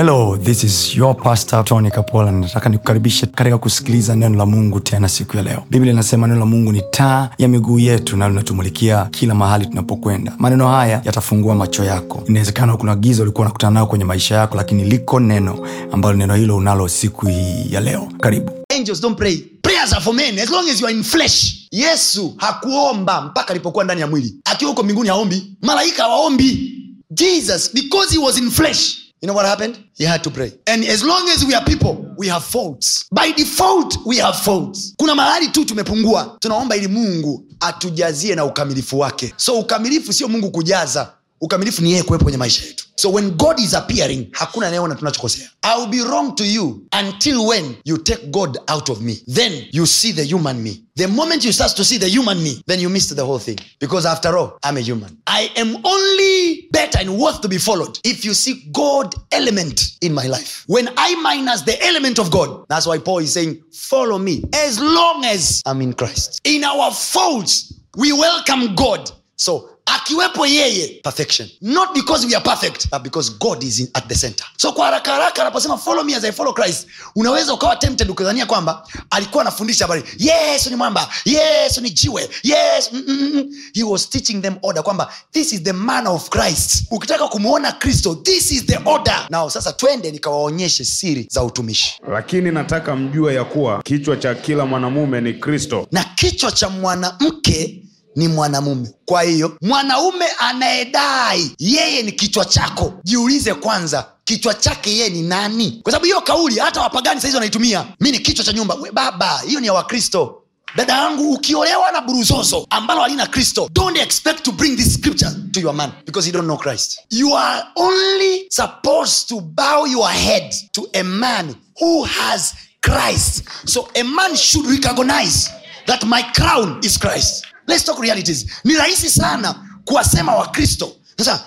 hello this is your pastor tony kapola nataka nikukaribishe katika kusikiliza neno la mungu tena siku ya leo biblia inasema neno la mungu ni taa ya miguu yetu na linatumulikia kila mahali tunapokwenda maneno haya yatafungua macho yako inawezekana kuna giza ulikuwa unakutana nayo kwenye maisha yako lakini liko neno ambalo neno hilo unalo siku hii ya leo karibu Angels don't pray. prayers are for men as long as you are in flesh yesu hakuomba mpaka alipokuwa ndani ya mwili akiwa huko mbinguni haombi malaika hawaombi jesus because he was in flesh You know what happened? He had to pray. And as long as we are people, we have faults. By default, we have faults. Kuna mahali tu tumepungua. Tunaomba ili Mungu atujazie na ukamilifu wake. So ukamilifu sio Mungu kujaza. Ukamilifu ni yeye kuwepo kwenye maisha yetu so when god is appearing hakuna anayeona tunachokosea i be wrong to you until when you take god out of me then you see the human me the moment you start to see the human me then you missed the whole thing because after all i'm a human i am only better and worth to be followed if you see god element in my life when i minus the element of god that's why paul is saying follow me as long as i'm in christ in our faults we welcome god so akiwepo yeye perfection not because we are perfect but because god is in, at the center so kwa haraka haraka anaposema follow me as i follow christ unaweza ukawa tempted ukidhania kwamba alikuwa anafundisha habari yesu ni mwamba yesu ni jiwe yes Mm-mm-mm. he was teaching them order kwamba this is the man of christ ukitaka kumwona kristo this is the order sasa twende nikawaonyeshe siri za utumishi lakini nataka mjua ya kuwa kichwa cha kila mwanamume ni kristo na kichwa cha mwanamke ni mwanamume kwa hiyo mwanaume anayedai yeye ni kichwa chako jiulize kwanza kichwa chake yeye ni nani kwa sababu hiyo kauli hata wapagani sahizi wanaitumia mi ni kichwa cha nyumba we baba hiyo ni ya wakristo dada yangu ukiolewa na buruzozo ambalo halina kristo don't expect to bring this scripture to your man because you don't know christ you are only supposed to bow your head to a man who has christ so a man should recognize that my crown is christ Let's talk realities ni rahisi sana kuwasema wakristo sasa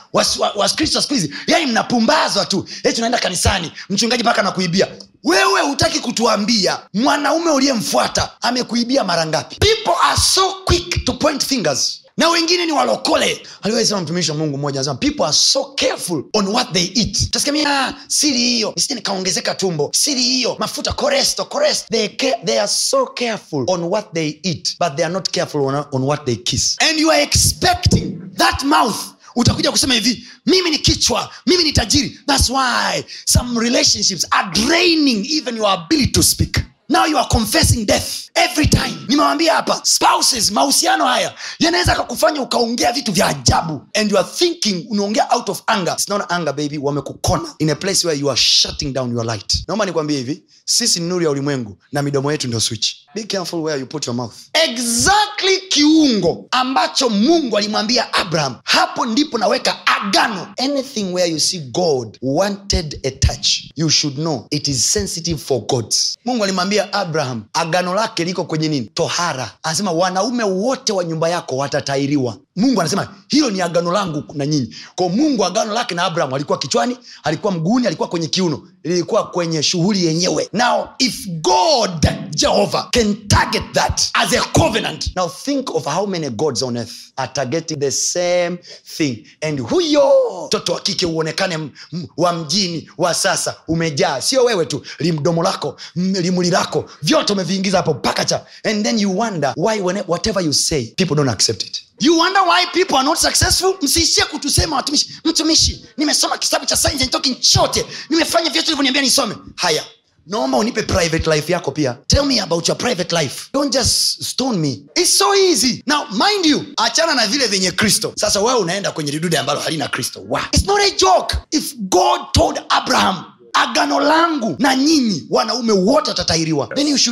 wakristo wa, siku hizi yani mnapumbazwa tu e tunaenda kanisani mchungaji mpaka nakuibia wewe hutaki kutuambia mwanaume uliyemfuata amekuibia mara ngapi people are so quick to point fingers na wengine ni walokole aliwesema mtumishi wa mungu mmoja anasema people are so careful on what they eat tasikemia ah, siri hiyo nisije nikaongezeka tumbo siri hiyo mafuta koresto koresto they, they are so careful on what they eat but they are not careful on, on what they kiss and you are expecting that mouth utakuja kusema hivi mimi ni kichwa mimi ni tajiri thats why some relationships are draining even your ability to speak now you are confessing death every time nimewambia hapa spouses mahusiano haya yanaweza kakufanya ukaongea vitu vya ajabu and you are thinking unaongea out of anger It's not anger baby wamekukona in a place where you are shutting down your light naomba nikwambie hivi sisi nuru ya ulimwengu na midomo yetu ndio switch be careful where you put your mouth exactly kiungo ambacho mungu alimwambia abraham hapo ndipo naweka agano anything where you see god wanted a touch you should know it is sensitive for god mungu alimwambia abraham agano lake liko kwenye nini to tohara anasema wanaume wote wa nyumba yako watatairiwa mungu anasema hilo ni agano langu na nyinyi ko mungu agano lake na abraham alikuwa kichwani alikuwa mguuni alikuwa kwenye kiuno lilikuwa kwenye shughuli yenyewe now if god jehovah can target that as a covenant now think of how many gods on earth are targeting the same thing and huyo mtoto wa kike uonekane wa mjini wa sasa umejaa sio wewe tu limdomo lako limuli lako vyote umeviingiza hapo pakacha and then you wonder why whenever, whatever you say people don't accept it you wonder why people are not successful msiishie kutusema watumishi mtumishi nimesoma kitabu cha science chote nimefanya vyote ulivyoniambia nisome haya naomba unipe private life yako pia tell me about your private life don't just stone me its so easy now mind you achana na vile vyenye kristo sasa wewe unaenda kwenye ridude ambalo halina kristo wow. its not a joke if god told abraham agano langu na nyinyi wanaume wote watatahiriwa yes.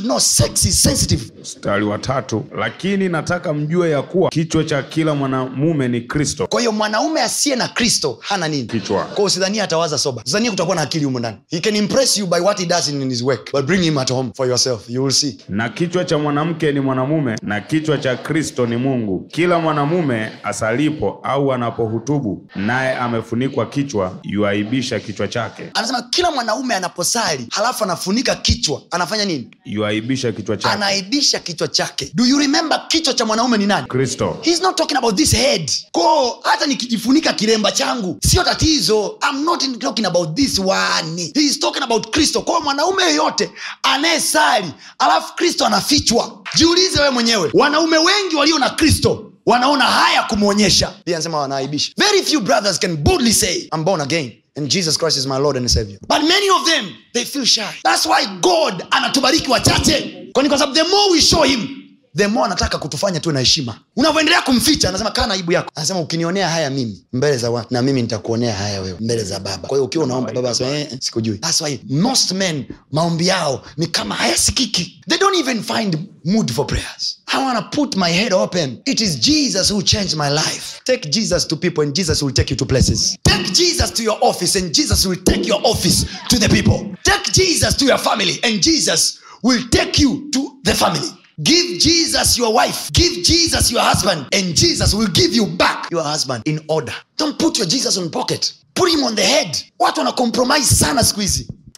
mstari wa tatu lakini nataka mjue ya kuwa kichwa cha kila mwanamume ni kristo kwa hiyo mwanaume asiye na kristo hana nini kichwa kwa usidhania atawaza soba sidhania kutakuwa na akili humo ndani he can impress you by what he does in his work but bring him at home for yourself you will see na kichwa cha mwanamke ni mwanamume na kichwa cha kristo ni mungu kila mwanamume asalipo au anapohutubu naye amefunikwa kichwa yuaibisha kichwa chake anasema kila kila mwanaume anaposali halafu anafunika kichwa anafanya nini kichwa chake kichwa chake do you remember kichwa cha mwanaume ni nani kristo he's not talking about this head ko hata nikijifunika kilemba changu sio tatizo I'm not talking about this one he's talking about kristo kwao mwanaume yoyote anayesali alafu kristo anafichwa jiulize wewe mwenyewe wanaume wengi walio na kristo wanaona haya kumwonyesha pia anasema wanaaibisha very few brothers can boldly say I'm born again and jesus christ is my lord and savior but many of them they feel shy that's why god anatubariki wachache kwani kwa sababu the more we show him the anataka kutufanya tuwe na heshima unavyoendelea kumficha anasema kaa na aibu yako anasema ukinionea haya mimi mbele za watu na mimi nitakuonea haya wewe mbele za baba kwa hiyo ukiwa unaomba baba anasema eh, eh, sikujui Aswai, most men maombi yao ni kama hayasikiki they don't even find mood for prayers i wanna put my head open it is jesus who changed my life take jesus to people and jesus will take you to places take jesus to your office and jesus will take your office to the people take jesus to your family and jesus will take you to the family Give Jesus your wife, give Jesus your husband, and Jesus will give you back your husband in order. Don't put your Jesus on pocket, put him on the head. Watu wana compromise sana siku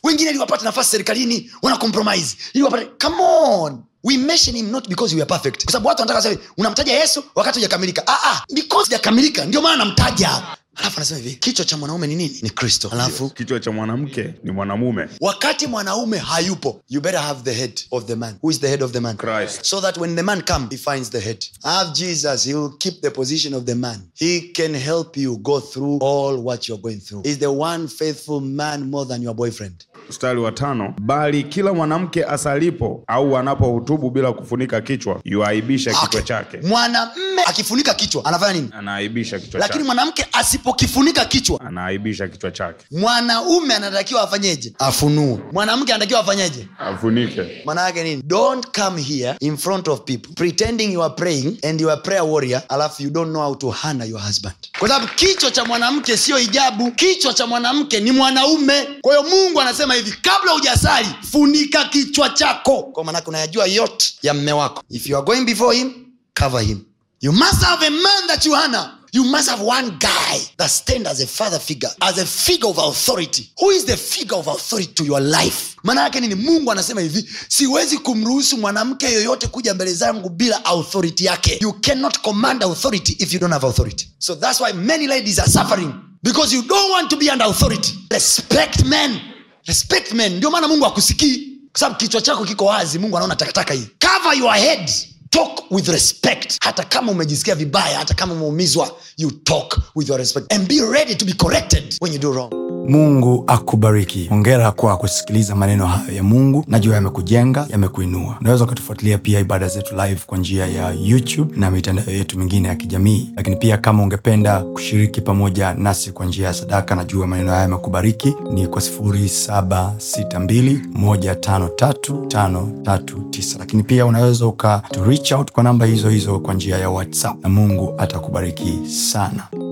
wengine ili wapate nafasi serikalini wana compromise ili Come on, we mention him not because we are perfect, kwa sababu watu wanataka sasa, unamtaja Yesu wakati hujakamilika. Ah ah, because hujakamilika ndio maana namtaja alafu anasema hivi kichwa cha mwanaume ni nini ni kristo alafu kichwa cha mwanamke ni mwanamume wakati mwanaume hayupo you better have the head of the man who is the head of the man Christ. so that when the man come he finds the head have jesus he will keep the position of the man he can help you go through all what you're going through is the one faithful man more than your boyfriend mstari wa tano, bali kila mwanamke asalipo au anapohutubu bila kufunika kichwa yuaibisha okay. kichwa chake. Mwanamme akifunika kichwa anafanya nini? Anaaibisha kichwa chake. Lakini mwanamke asipokifunika kichwa anaaibisha kichwa chake. Mwanaume anatakiwa afanyeje? Afunue. Mwanamke anatakiwa afanyeje? Afunike. Maana yake nini? Don't come here in front of people pretending you are praying and you are prayer warrior, alafu you don't know how to honor your husband, kwa sababu kichwa cha mwanamke sio hijabu. Kichwa cha mwanamke ni mwanaume. Kwa hiyo Mungu anasema anasema hivi kabla ujasali funika kichwa chako kwa maanake unayajua yote ya mme wako if you are going before him cover him you must have a man that you honor you must have one guy that stand as a father figure as a figure of authority who is the figure of authority to your life maana yake nini mungu anasema hivi siwezi kumruhusu mwanamke yoyote kuja mbele zangu bila authority yake you cannot command authority if you don't have authority so that's why many ladies are suffering because you don't want to be under authority respect men respect men ndio maana mungu akusikii kwa sababu kichwa chako kiko wazi mungu anaona takataka hii cover your head talk with respect hata kama umejisikia vibaya hata kama umeumizwa you talk with your respect and be ready to be corrected when you do wrong Mungu akubariki. Hongera kwa kusikiliza maneno hayo ya Mungu, najua yamekujenga, yamekuinua. Unaweza ukatufuatilia pia ibada zetu live kwa njia ya YouTube na mitandao yetu mingine ya kijamii, lakini pia kama ungependa kushiriki pamoja nasi kwa njia ya sadaka, najua maneno hayo yamekubariki, ni kwa 0762153539 lakini pia unaweza ukatu reach out kwa namba hizo hizo kwa njia ya WhatsApp na Mungu atakubariki sana.